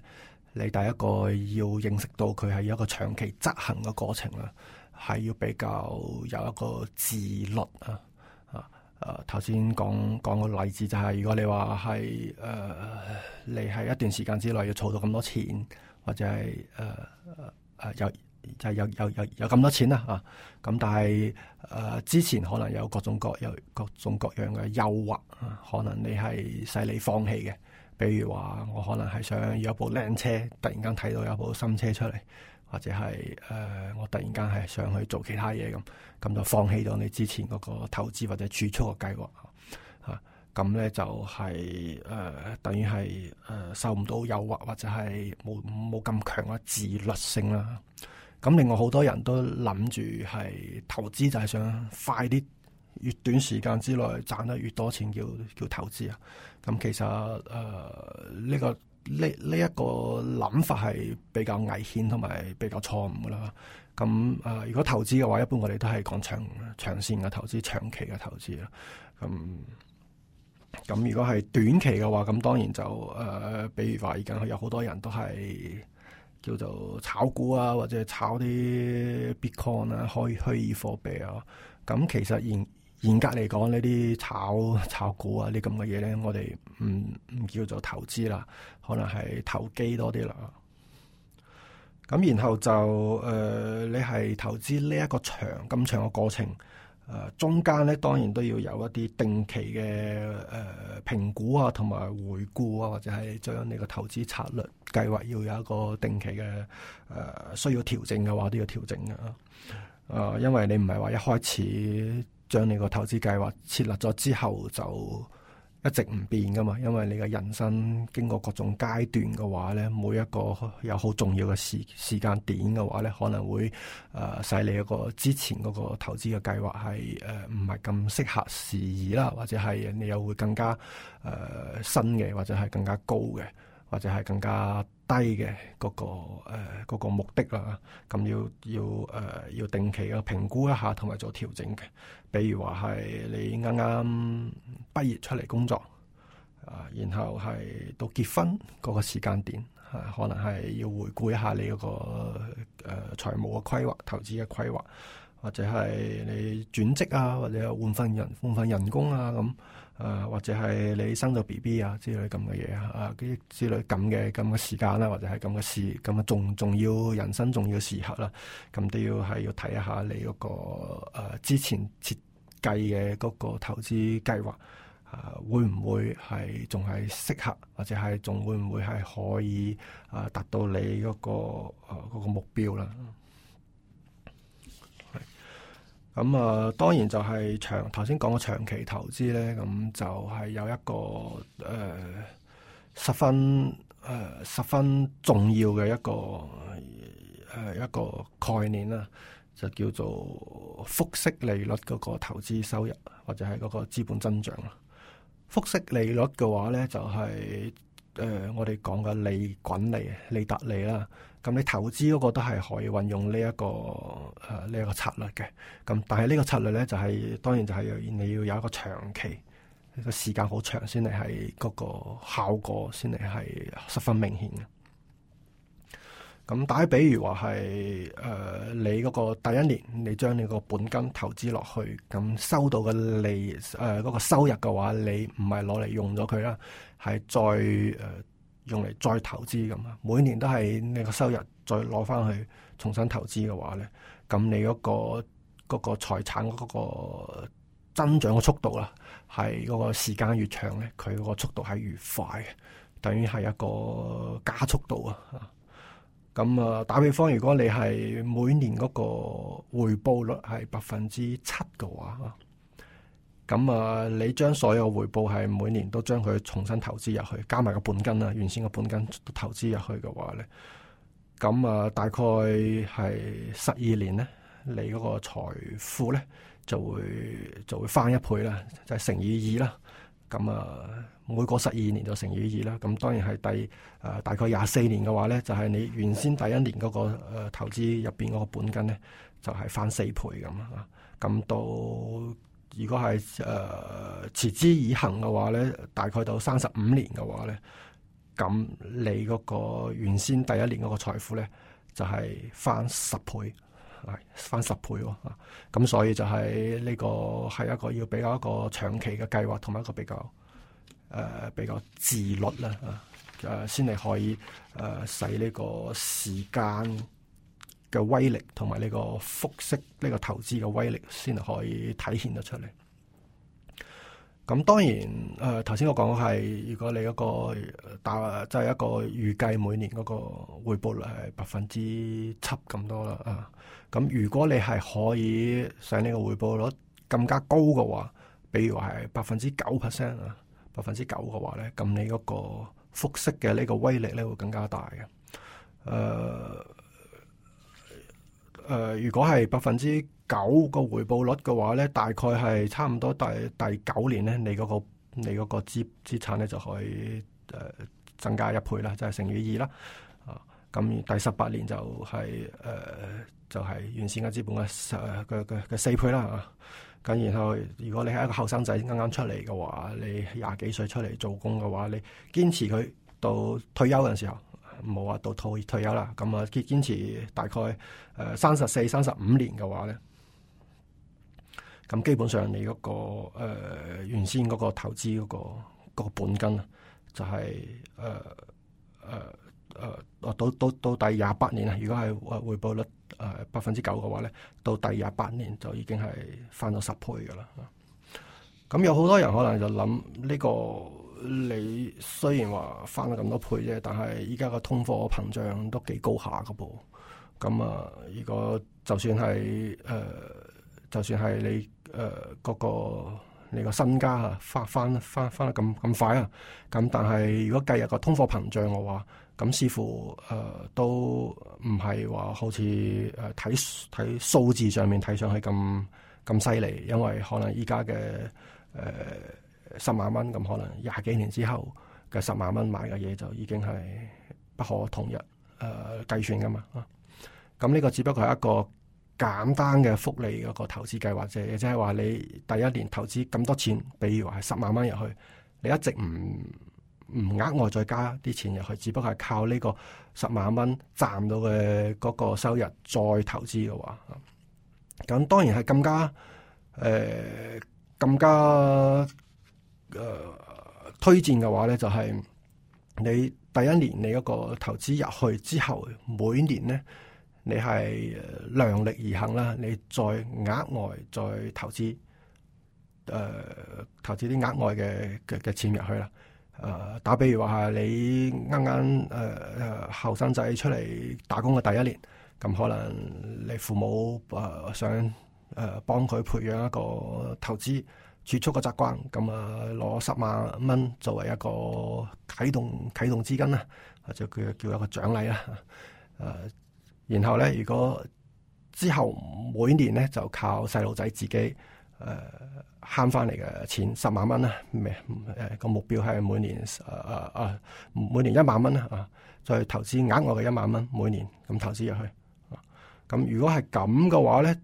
你第一個要認識到佢係一個長期執行嘅過程啦、啊，係要比較有一個自律啊啊，誒頭先講講個例子就係、是，如果你話係誒你喺一段時間之內要儲到咁多錢，或者係誒誒有就係、是、有有有有咁多錢啦、啊、嚇，咁、啊、但係誒、啊、之前可能有各種各有各種各樣嘅誘惑啊，可能你係使你放棄嘅。比如話我可能係想要部靚車，突然間睇到有部新車出嚟，或者係誒、呃、我突然間係想去做其他嘢咁咁就放棄咗你之前嗰個投資或者儲蓄嘅計劃吓，咁、啊、咧就係、是、誒、呃、等於係誒受唔到誘惑，或者係冇冇咁強嘅自律性啦。咁、啊、另外好多人都諗住係投資就係想快啲，越短時間之內賺得越多錢叫叫投資啊。咁其實誒呢、呃這個呢呢一個諗法係比較危險同埋比較錯誤㗎喇。咁、嗯、誒、呃、如果投資嘅話，一般我哋都係講長長線嘅投資、長期嘅投資啦。咁、嗯、咁、嗯、如果係短期嘅話，咁當然就誒、呃，比如話而家有好多人都係叫做炒股啊，或者炒啲 Bitcoin 啊、虛虛擬貨幣啊。咁、嗯、其實現嚴格嚟講，呢啲炒炒股啊，呢咁嘅嘢咧，我哋唔唔叫做投資啦，可能係投機多啲啦。咁然後就誒、呃，你係投資呢一個長咁長嘅過程，誒、呃、中間咧，當然都要有一啲定期嘅誒評估啊，同埋回顧啊，或者係將你個投資策略計劃要有一個定期嘅誒、呃、需要調整嘅話，都要調整㗎、啊。誒、呃，因為你唔係話一開始。將你個投資計劃設立咗之後，就一直唔變㗎嘛。因為你嘅人生經過各種階段嘅話咧，每一個有好重要嘅時時間點嘅話咧，可能會誒、呃、使你一個之前嗰個投資嘅計劃係誒唔係咁適合時宜啦，或者係你又會更加誒、呃、新嘅，或者係更加高嘅，或者係更加。低嘅嗰、嗰個誒，呃、嗰個目的啦，咁要要誒、呃，要定期嘅評估一下，同埋做調整嘅。比如話係你啱啱畢業出嚟工作啊，然後係到結婚嗰個時間點，啊、可能係要回顧一下你嗰、嗰個誒、呃、財務嘅規劃、投資嘅規劃，或者係你轉職啊，或者換份人、換份人工啊咁。啊，或者係你生咗 B B 啊，之類咁嘅嘢啊。啊，啲之類咁嘅咁嘅時間啦，或者係咁嘅事，咁啊重重要人生重要時刻啦，咁都要係要睇一下你嗰個誒之前設計嘅嗰個投資計劃啊，會唔會係仲係適合，或者係仲會唔會係可以啊達到你嗰個誒嗰個目標啦？咁啊、嗯，當然就係長頭先講嘅長期投資咧，咁、嗯、就係、是、有一個誒、呃、十分誒、呃、十分重要嘅一個誒、呃、一個概念啦，就叫做複息利率嗰個投資收入或者係嗰個資本增長啦。複息利率嘅話咧，就係、是、誒、呃、我哋講嘅利滾利、利達利啦。咁你投資嗰個都係可以運用呢、這、一個誒呢一個策略嘅，咁但係呢個策略咧就係、是、當然就係你要有一個長期個時間好長先嚟係嗰個效果先嚟係十分明顯嘅。咁打比如話係誒你嗰個第一年你將你個本金投資落去，咁收到嘅利誒嗰個收入嘅話，你唔係攞嚟用咗佢啦，係再誒、呃用嚟再投資咁啊，每年都係你個收入再攞翻去重新投資嘅話咧，咁你嗰個嗰個財產嗰個增長嘅速度啦，係嗰個時間越長咧，佢個速度係越快嘅，等於係一個加速度啊。咁啊，打比方，如果你係每年嗰個回報率係百分之七嘅話。咁啊，你將所有回報係每年都將佢重新投資入去，加埋個本金啦，原先個本金都投資入去嘅話咧，咁啊，大概係十二年咧，你嗰個財富咧就會就會翻一倍啦，就係、是、乘以二啦。咁啊，每個十二年就乘以二啦。咁當然係第誒、呃、大概廿四年嘅話咧，就係、是、你原先第一年嗰、那個誒、呃、投資入邊嗰個本金咧，就係、是、翻四倍咁啊。咁到如果係誒、呃、持之以恒嘅話咧，大概到三十五年嘅話咧，咁你嗰個原先第一年嗰個財富咧，就係、是、翻十倍，翻十倍喎、啊。咁所以就係呢個係一個要比較一個長期嘅計劃，同埋一個比較誒、呃、比較自律啦、啊。誒、啊，先你可以誒、呃、使呢個時間。嘅威力同埋呢個複息呢個投資嘅威力先可以體現得出嚟。咁當然，誒頭先我講係，如果你一、嗰個打即係一個預計每年嗰個回報率係百分之七咁多啦啊。咁如果你係可以使呢個回報率更加高嘅話，比如話係百分之九 percent 啊，百分之九嘅話咧，咁你嗰個複息嘅呢個威力咧會更加大嘅，誒、呃。誒、呃，如果係百分之九個回報率嘅話咧，大概係差唔多第第九年咧，你嗰、那個你嗰個資資產咧就可以誒、呃、增加一倍啦，就係、是、乘以二啦。啊，咁第十八年就係、是、誒、呃、就係原先嘅資本嘅嘅嘅四倍啦。吓、啊，咁然後如果你係一個後生仔啱啱出嚟嘅話，你廿幾歲出嚟做工嘅話，你堅持佢到退休嘅時候。冇話，到退退休啦，咁啊堅持大概誒三十四、三十五年嘅話咧，咁基本上你嗰、那個誒、呃、原先嗰個投資嗰、那個、那個本金啊、就是，就係誒誒誒，到到到第廿八年啊，如果係誒回報率誒百分之九嘅話咧，到第廿八年就已經係翻到十倍噶啦。咁有好多人可能就諗呢、這個。你雖然話翻咗咁多倍啫，但係依家個通貨膨脹都幾高下㗎噃。咁、嗯、啊，如果就算係誒、呃，就算係你誒嗰、呃那個你個身家啊，發翻翻翻得咁咁快啊，咁、嗯、但係如果計入個通貨膨脹嘅話，咁似乎誒都唔係話好似誒睇睇數字上面睇上去咁咁犀利，因為可能依家嘅誒。呃十萬蚊咁可能廿幾年之後嘅十萬蚊買嘅嘢，就已經係不可同日誒、呃、計算噶嘛啊！咁、嗯、呢、這個只不過係一個簡單嘅複利嗰個投資計劃啫，即係話你第一年投資咁多錢，比如話係十萬蚊入去，你一直唔唔額外再加啲錢入去，只不過係靠呢個十萬蚊賺到嘅嗰個收入再投資嘅話，咁、嗯、當然係更加誒更加。呃更加誒、呃，推薦嘅話咧，就係、是、你第一年你一個投資入去之後，每年咧你係量力而行啦，你再額外再投資，誒、呃，投資啲額外嘅嘅錢入去啦。誒、呃，打比如話係你啱啱誒誒，後生仔出嚟打工嘅第一年，咁可能你父母誒、呃、想誒、呃、幫佢培養一個投資。儲蓄嘅習慣，咁啊攞十萬蚊作為一個啟動啟動資金啦，啊、或者叫叫一個獎勵啦。然後咧，如果之後每年咧就靠細路仔自己誒慳翻嚟嘅錢，十萬蚊啦，未誒個目標係每年誒誒誒每年一萬蚊啦，啊再投資額外嘅一萬蚊，每年咁、啊、投資入去。咁、啊啊、如果係咁嘅話咧，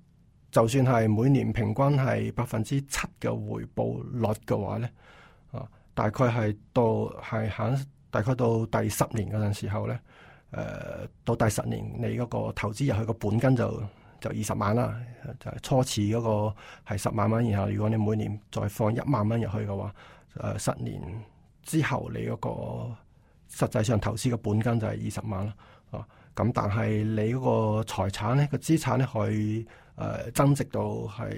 就算係每年平均係百分之七嘅回報率嘅話咧，啊，大概係到係肯大概到第十年嗰陣時候咧，誒、呃、到第十年你嗰個投資入去嘅本金就就二十萬啦，就係、就是、初次嗰個係十萬蚊，然後如果你每年再放一萬蚊入去嘅話，誒、呃、十年之後你嗰個實際上投資嘅本金就係二十萬啦，啊，咁但係你嗰個財產咧，個資產咧佢。誒，增值到係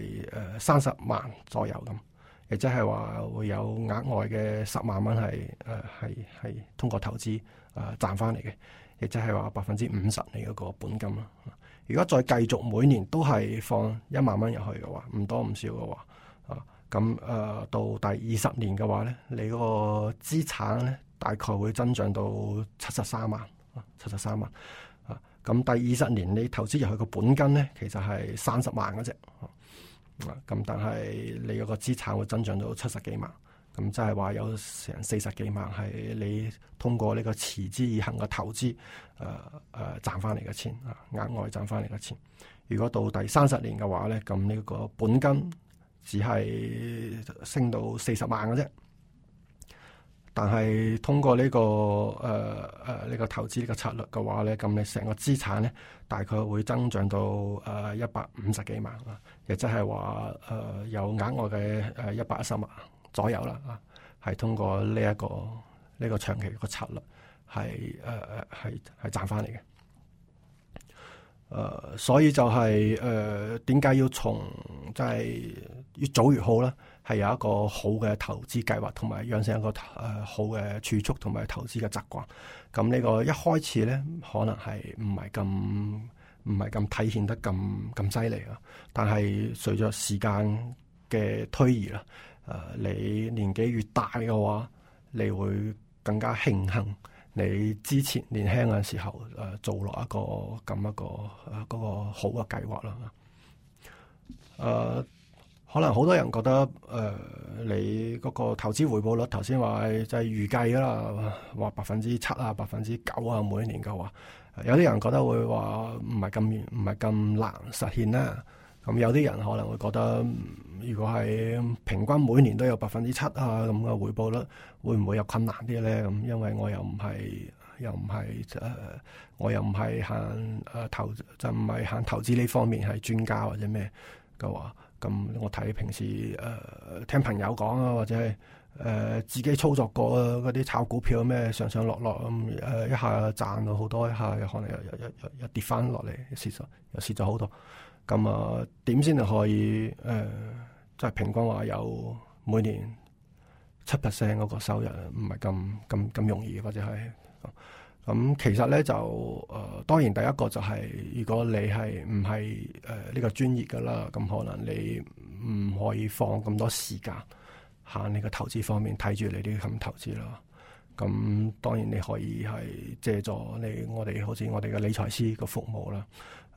誒三十萬左右咁，亦即係話會有額外嘅十萬蚊係誒係係通過投資誒賺翻嚟嘅，亦即係話百分之五十你嗰個本金啦。如果再繼續每年都係放一萬蚊入去嘅話，唔多唔少嘅話，啊，咁誒到第二十年嘅話咧，你嗰個資產咧大概會增長到七十三萬，七十三萬。咁第二十年你投資入去個本金咧，其實係三十萬嗰啫。啊，咁但係你嗰個資產會增長到七十幾萬，咁即係話有成四十幾萬係你通過呢個持之以恒嘅投資，誒、啊、誒、啊、賺翻嚟嘅錢、啊，額外賺翻嚟嘅錢。如果到第三十年嘅話咧，咁呢個本金只係升到四十萬嘅啫。但係通過呢、這個誒誒呢個投資呢個策略嘅話咧，咁你成個資產咧，大概會增長到誒一百五十幾萬啦，亦即係話誒有額外嘅誒一百一十萬左右啦，啊，係通過呢、這、一個呢、這個長期個策略係誒係係賺翻嚟嘅。誒、呃，所以就係誒點解要從即係、就是、越早越好咧？係有一個好嘅投資計劃，同埋養成一個誒、呃、好嘅儲蓄同埋投資嘅習慣。咁呢個一開始咧，可能係唔係咁唔係咁體現得咁咁犀利咯。但係隨着時間嘅推移啦，誒、呃，你年紀越大嘅話，你會更加慶幸你之前年輕嘅時候誒、呃、做落一個咁一個嗰、呃那個好嘅計劃啦。誒、呃。可能好多人覺得，誒、呃、你嗰個投資回報率，頭先話就係預計啦，話百分之七啊、百分之九啊，每年嘅話，有啲人覺得會話唔係咁唔係咁難實現啦。咁有啲人可能會覺得，如果係平均每年都有百分之七啊咁嘅回報率，會唔會有困難啲咧？咁因為我又唔係又唔係誒，我又唔係行誒投就唔係行投資呢方面係專家或者咩嘅話。咁、嗯、我睇平時誒、呃、聽朋友講啊，或者係誒、呃、自己操作過嗰啲炒股票咩上上落落咁誒、嗯呃，一下賺到好多，一下又可能又又又又，又，又跌翻落嚟，蝕咗又蝕咗好多。咁啊點先可以誒，即、呃、係、就是、平均話有每年七 percent 嗰個收入，唔係咁咁咁容易，或者係。嗯咁、嗯、其實咧就誒、呃、當然第一個就係、是、如果你係唔係誒呢個專業嘅啦，咁、嗯、可能你唔可以放咁多時間喺你個投資方面睇住你啲咁投資啦。咁、嗯、當然你可以係借助你我哋好似我哋嘅理財師嘅服務啦。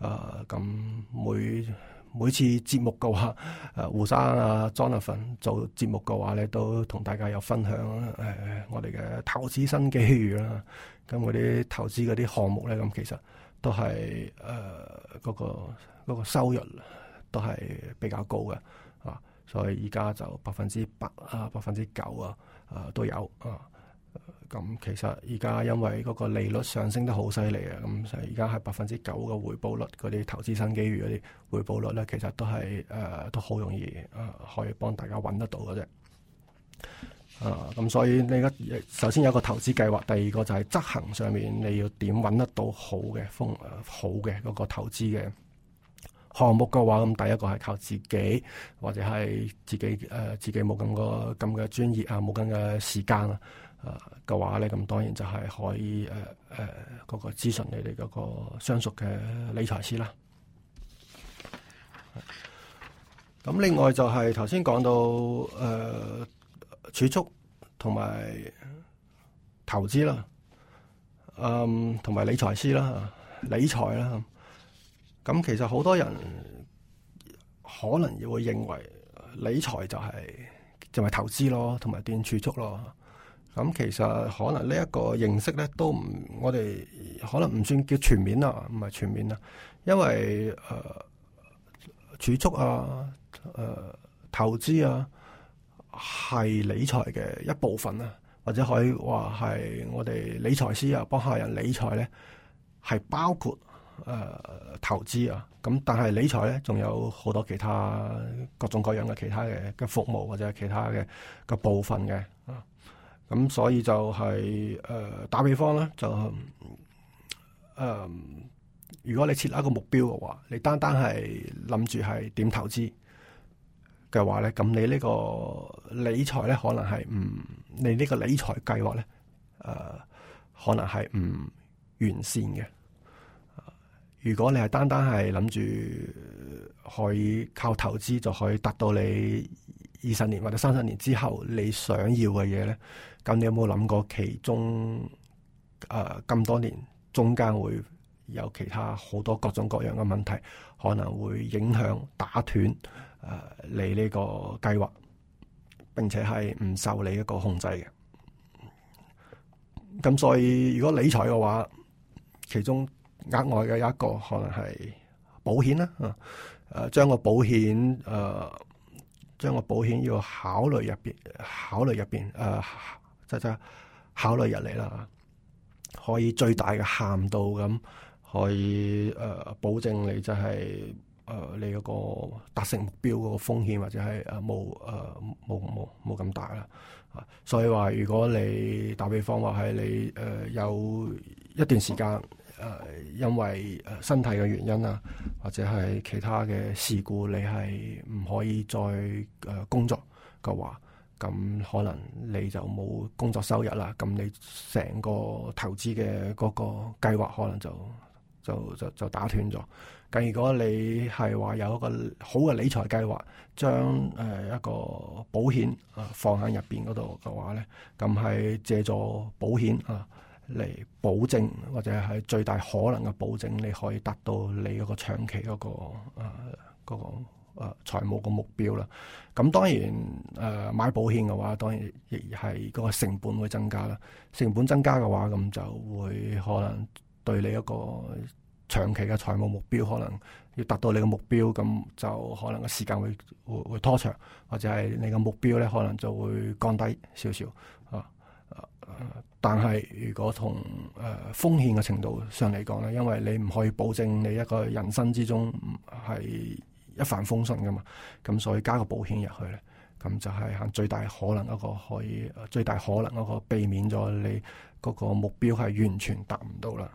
誒、呃、咁、嗯、每每次節目嘅話，誒、呃、胡生啊、Jonathan 做節目嘅話咧，都同大家有分享誒、呃，我哋嘅投資新機遇啦，咁嗰啲投資嗰啲項目咧，咁其實都係誒嗰個嗰個收入都係比較高嘅啊，所以依家就百分之八啊、百分之九啊啊都有啊。咁、嗯、其實而家因為嗰個利率上升得好犀利啊，咁而家係百分之九嘅回報率，嗰啲投資新機遇嗰啲回報率咧，其實都係誒、呃、都好容易誒、呃、可以幫大家揾得到嘅啫。啊，咁、嗯、所以你而家首先有一個投資計劃，第二個就係執行上面你要點揾得到好嘅風好嘅嗰、嗰個投資嘅項目嘅話，咁、嗯、第一個係靠自己，或者係自己誒、呃、自己冇咁個咁嘅專業啊，冇咁嘅時間啊。啊，嘅話咧，咁當然就係可以誒誒，嗰、呃呃、個諮詢你哋嗰個相熟嘅理財師啦。咁另外就係頭先講到誒儲蓄同埋投資啦，嗯，同埋、呃嗯、理財師啦，理財啦。咁、嗯、其實好多人可能會認為理財就係就係投資咯，同埋段儲蓄咯。咁其實可能呢一個認識咧都唔，我哋可能唔算叫全面啊，唔係全面啊，因為誒儲、呃、蓄啊，誒、呃、投資啊係理財嘅一部分啊，或者可以話係我哋理財師啊幫客人理財咧係包括誒、呃、投資啊，咁但係理財咧仲有好多其他各種各樣嘅其他嘅嘅服務或者係其他嘅嘅部分嘅啊。咁、嗯、所以就係、是、誒、呃、打比方啦，就誒、呃，如果你設立一個目標嘅話，你單單係諗住係點投資嘅話咧，咁你呢個理財咧可能係唔，你呢個理財計劃咧誒，可能係唔、呃、完善嘅、呃。如果你係單單係諗住可以靠投資就可以達到你。二十年或者三十年之後，你想要嘅嘢咧，咁你有冇諗過其中啊咁、呃、多年中間會有其他好多各種各樣嘅問題，可能會影響打斷，誒、呃、你呢個計劃，並且係唔受你一個控制嘅。咁所以如果理財嘅話，其中額外嘅一個可能係保險啦，誒、呃、將個保險誒。呃將個保險要考慮入邊，考慮入邊，誒、呃，即係考慮入嚟啦，可以最大嘅限度咁，可以誒、呃、保證你即係誒你嗰個達成目標嗰個風險或者係誒冇誒冇冇冇咁大啦。所以話，如果你打比方話喺你誒、呃、有一段時間。誒，因為身體嘅原因啊，或者係其他嘅事故，你係唔可以再誒工作嘅話，咁可能你就冇工作收入啦。咁你成個投資嘅嗰個計劃，可能就就就就打斷咗。咁如果你係話有一個好嘅理財計劃，將誒一個保險啊放喺入邊嗰度嘅話咧，咁係借助保險啊，嚟保證或者係最大可能嘅保證，你可以達到你嗰個長期嗰個誒嗰個誒財務嘅目標啦。咁當然誒買保險嘅話，當然亦係個成本會增加啦。成本增加嘅話，咁就會可能對你一個長期嘅財務目標，可能要達到你嘅目標，咁就可能嘅時間會會會拖長，或者係你嘅目標咧，可能就會降低少少啊，呃但係，如果同誒、呃、風險嘅程度上嚟講咧，因為你唔可以保證你一個人生之中係一帆風順噶嘛，咁所以加個保險入去咧，咁就係行最大可能一個可以最大可能一個避免咗你嗰個目標係完全達唔到啦。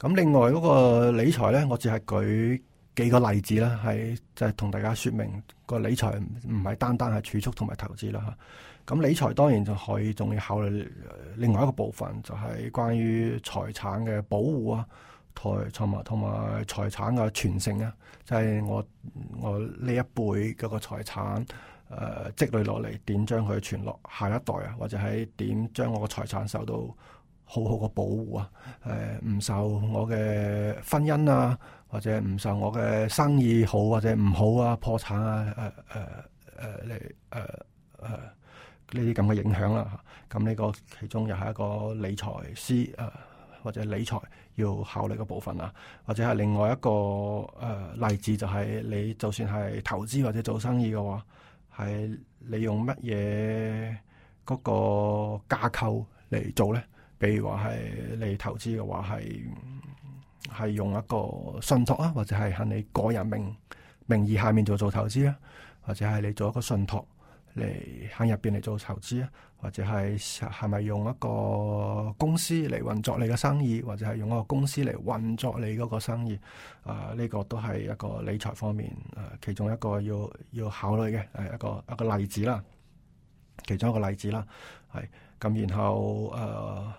咁另外嗰個理財咧，我只係舉幾個例子啦，係即係同大家說明，個理財唔唔係單單係儲蓄同埋投資啦吓。咁理財當然就可以仲要考慮另外一個部分，就係關於財產嘅保護啊，財財物同埋財產嘅傳承啊，就係、是、我我呢一輩嗰個財產誒、呃、積累落嚟，點將佢傳落下一代啊，或者係點將我嘅財產受到好好嘅保護啊？誒、呃，唔受我嘅婚姻啊，或者唔受我嘅生意好或者唔好啊、破產啊、誒誒誒嚟誒誒。呃呃呃呃呃呃呢啲咁嘅影響啦，咁呢個其中又係一個理財師啊、呃，或者理財要考慮嘅部分啦，或者係另外一個誒、呃、例子，就係你就算係投資或者做生意嘅話，係你用乜嘢嗰個架構嚟做咧？比如話係你投資嘅話，係係用一個信託啊，或者係喺你個人名名義下面做做投資啊，或者係你做一個信託。嚟喺入邊嚟做投資啊，或者係係咪用一個公司嚟運作你嘅生意，或者係用一個公司嚟運作你嗰個生意？啊、呃，呢個都係一個理財方面啊、呃，其中一個要要考慮嘅，係一個一個例子啦。其中一個例子啦，係咁，然後誒呃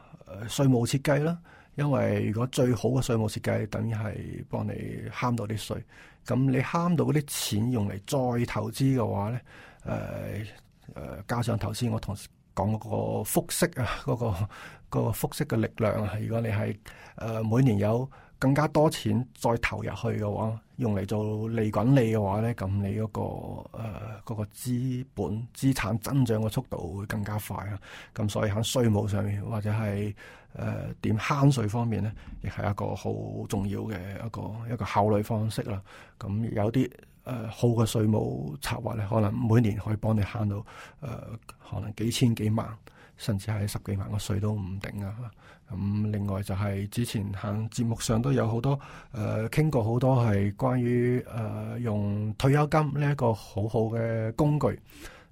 稅務設計啦，因為如果最好嘅稅務設計，等於係幫你慳到啲稅，咁你慳到啲錢用嚟再投資嘅話咧。誒誒、呃，加上頭先我同講嗰個複息啊，嗰個嗰個複息嘅力量啊，如果你係誒、呃、每年有更加多錢再投入去嘅話，用嚟做利滾利嘅話咧，咁你嗰個誒、呃嗰個資本資產增長嘅速度會更加快啊！咁所以喺稅務上面或者係誒點慳稅方面咧，亦係一個好重要嘅一個一個考慮方式啦。咁有啲。誒、呃、好嘅稅務策劃咧，可能每年可以幫你慳到誒、呃、可能幾千幾萬，甚至係十幾萬個稅都唔定啊！咁、嗯、另外就係之前喺節目上都有好多誒傾、呃、過好多係關於誒、呃、用退休金呢一個好好嘅工具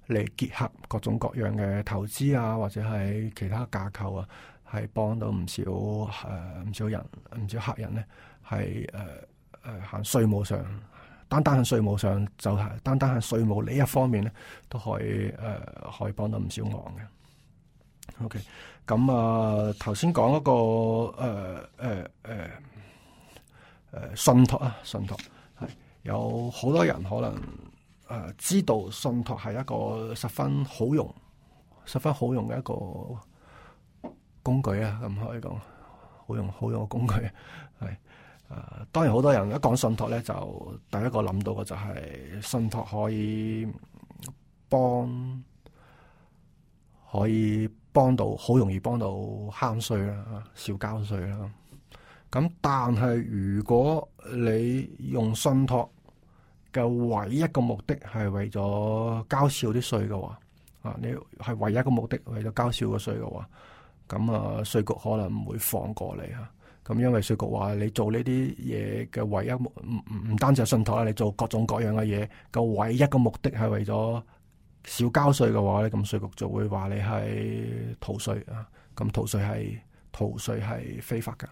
嚟結合各種各樣嘅投資啊，或者係其他架構啊，係幫到唔少誒唔、呃、少人唔少客人咧係誒誒喺稅務上。單單喺稅務上就係、是，單單喺稅務呢一方面咧，都可以誒、呃、可以幫到唔少忙嘅。OK，咁啊頭先講嗰個誒誒誒誒信託啊，信託係有好多人可能誒、呃、知道，信託係一個十分好用、十分好用嘅一個工具啊，咁可以講好用、好用嘅工具係。誒、啊，當然好多人一講信託咧，就第一個諗到嘅就係、是、信託可以幫，可以幫到好容易幫到慳稅啦，少、啊、交稅啦。咁、啊、但係如果你用信託嘅唯一個目的係為咗交少啲稅嘅話，啊，你係唯一個目的為咗交少嘅稅嘅話，咁啊，稅局可能唔會放過你啊。咁因為稅局話你做呢啲嘢嘅唯一唔唔唔單止係信託啦，你做各種各樣嘅嘢，個唯一嘅目的係為咗少交稅嘅話咧，咁稅局就會話你係逃稅啊！咁逃稅係逃稅係非法嘅。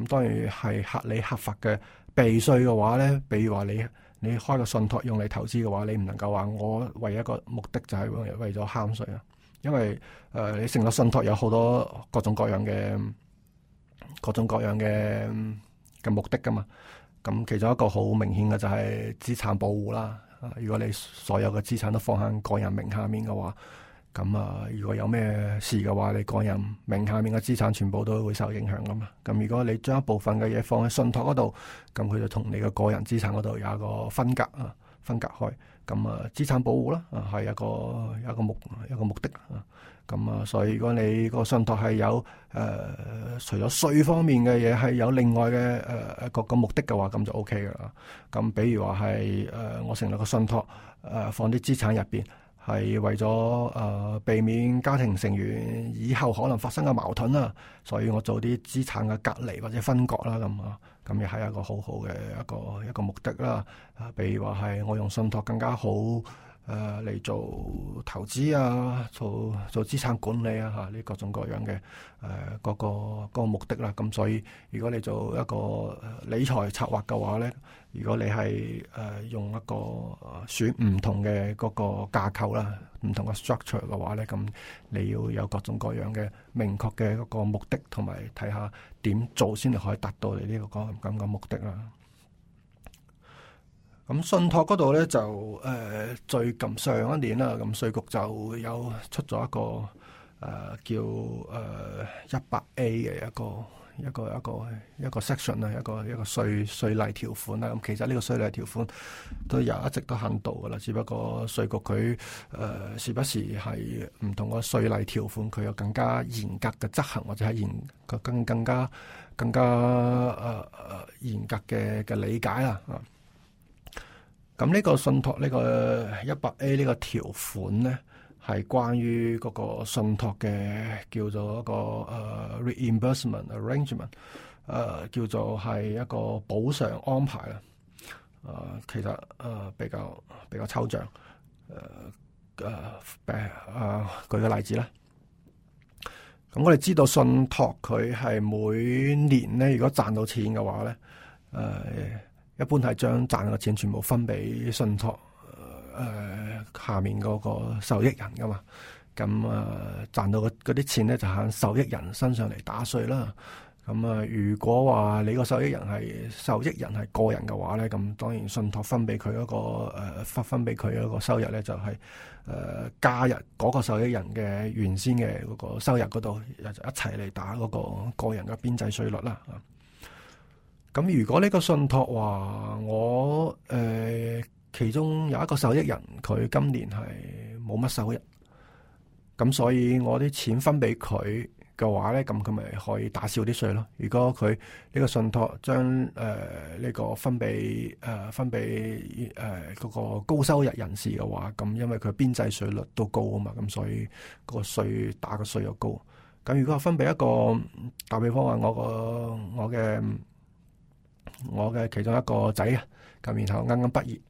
咁當然係合理合法嘅避稅嘅話咧，比如話你你開個信託用嚟投資嘅話，你唔能夠話我唯一個目的就係為咗慳稅啊！因為誒、呃、你成個信託有好多各種各樣嘅。各種各樣嘅嘅目的㗎嘛，咁其中一個好明顯嘅就係資產保護啦。如果你所有嘅資產都放喺個人名下面嘅話，咁啊如果有咩事嘅話，你個人名下面嘅資產全部都會受影響㗎嘛。咁如果你將一部分嘅嘢放喺信託嗰度，咁佢就同你嘅個人資產嗰度有一個分隔啊。分隔開，咁啊，資產保護啦，啊係一個有一個目有一個目的啊，咁啊，所以如果你個信託係有誒、呃、除咗稅方面嘅嘢，係有另外嘅誒一個個目的嘅話，咁就 O K 噶啦。咁比如話係誒，我成立個信託誒、呃，放啲資產入邊，係為咗誒、呃、避免家庭成員以後可能發生嘅矛盾啊，所以我做啲資產嘅隔離或者分割啦咁啊。嗯咁亦係一個好好嘅一個一個目的啦，啊，譬如話係我用信託更加好，誒、呃、嚟做投資啊，做做資產管理啊，嚇、啊、呢各種各樣嘅誒、呃、各個各個目的啦。咁所以如果你做一個理財策劃嘅話咧。如果你係誒用一個選唔同嘅嗰個架構啦，唔、嗯、同嘅 structure 嘅話咧，咁你要有各種各樣嘅明確嘅一個目的，同埋睇下點做先，至可以達到你呢個咁嘅目的啦。咁信託嗰度咧就誒、呃、最近上一年啦，咁稅局就有出咗一個誒叫誒一百 A 嘅一個。呃一個一個一個 section 啦，一個一個稅稅例條款啦。咁其實呢個稅例條款都有一直都行道噶啦，只不過稅局佢誒、呃、時不時係唔同個稅例條款佢有更加嚴格嘅執行，或者係嚴更更加更加誒誒、呃、嚴格嘅嘅理解啦。咁、啊、呢個信託呢、呢個一百 A 呢個條款呢。係關於嗰個信託嘅叫做一個誒 reimbursement arrangement，誒、呃、叫做係一個補償安排啦。誒、呃、其實誒、呃、比較比較抽象。誒誒誒舉個例子啦。咁、嗯、我哋知道信託佢係每年咧，如果賺到錢嘅話咧，誒、呃、一般係將賺嘅錢全部分俾信託。誒、呃、下面嗰個受益人㗎嘛，咁、嗯、啊賺到嗰啲錢咧就喺受益人身上嚟打稅啦。咁、嗯、啊，如果話你個受益人係受益人係個人嘅話咧，咁、嗯、當然信託分俾佢嗰個、呃、分分俾佢嗰個收入咧就係、是、誒、呃、加入嗰個受益人嘅原先嘅嗰個收入嗰度一齊嚟打嗰個個人嘅邊際稅率啦。咁、啊嗯、如果呢個信託話我誒、呃其中有一個受益人，佢今年係冇乜收入，咁所以我啲錢分俾佢嘅話咧，咁佢咪可以打少啲稅咯？如果佢呢個信託將誒呢個分俾誒、呃、分俾誒嗰個高收入人士嘅話，咁因為佢邊際稅率都高啊嘛，咁所以個稅打個稅又高。咁如果分俾一個，打比方話我個我嘅我嘅其中一個仔啊，咁然後啱啱畢業。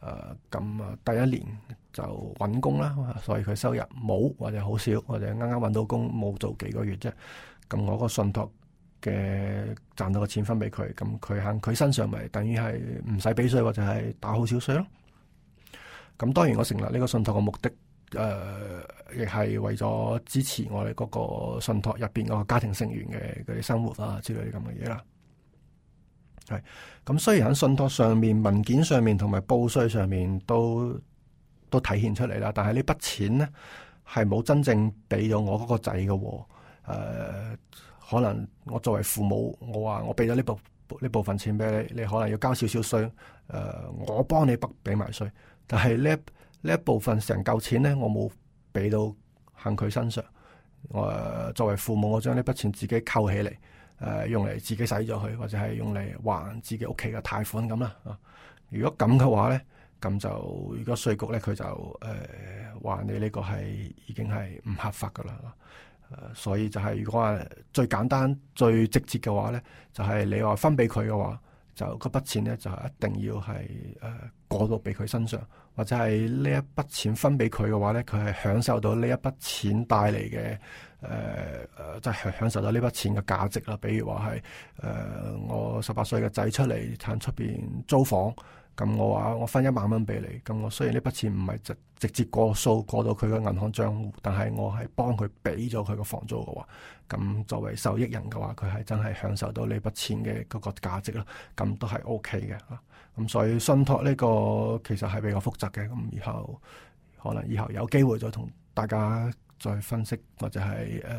誒咁啊！第一年就揾工啦，所以佢收入冇或者好少，或者啱啱揾到工冇做幾個月啫。咁、嗯、我個信託嘅賺到嘅錢分俾佢，咁佢喺佢身上咪等於係唔使俾稅或者係打好少稅咯。咁、嗯、當然我成立呢個信託嘅目的，誒亦係為咗支持我哋嗰個信託入邊嗰個家庭成員嘅啲生活啊之類咁嘅嘢啦。係，咁雖然喺信託上面、文件上面同埋報稅上面都都體現出嚟啦，但係呢筆錢呢，係冇真正俾咗我嗰個仔嘅、哦，誒、呃，可能我作為父母，我話我俾咗呢部呢部分錢俾你，你可能要交少少稅，誒、呃，我幫你不俾埋稅，但係呢呢一部分成嚿錢呢，我冇俾到行佢身上，誒、呃，作為父母，我將呢筆錢自己扣起嚟。誒用嚟自己使咗佢，或者係用嚟還自己屋企嘅貸款咁啦、啊。如果咁嘅話咧，咁就如果稅局咧佢就誒話、呃、你呢個係已經係唔合法噶啦、啊。所以就係如果係最簡單最直接嘅話咧，就係、是、你話分俾佢嘅話，就嗰筆錢咧就一定要係誒、啊、過到俾佢身上。或者係呢一筆錢分俾佢嘅話咧，佢係享受到呢一筆錢帶嚟嘅誒誒，即係享受到呢筆錢嘅價值啦。比如話係誒，我十八歲嘅仔出嚟趁出邊租房，咁我話我分一萬蚊俾你，咁我雖然呢筆錢唔係直直接過數過到佢嘅銀行帳戶，但係我係幫佢俾咗佢個房租嘅話，咁作為受益人嘅話，佢係真係享受到呢筆錢嘅嗰個價值啦。咁都係 OK 嘅。咁所以信託呢個其實係比較複雜嘅，咁以後可能以後有機會再同大家再分析或者係誒誒誒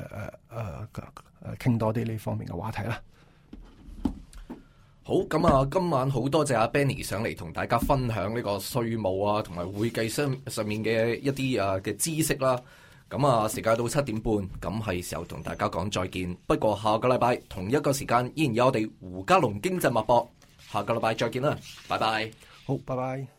誒傾多啲呢方面嘅話題啦。好，咁啊，今晚好多謝阿 Benny 上嚟同大家分享呢個稅務啊同埋會計上上面嘅一啲啊嘅知識啦。咁啊，時間到七點半，咁係時候同大家講再見。不過下個禮拜同一個時間依然有我哋胡嘉龍經濟脈搏。下個禮拜再見啦，拜拜。好，拜拜。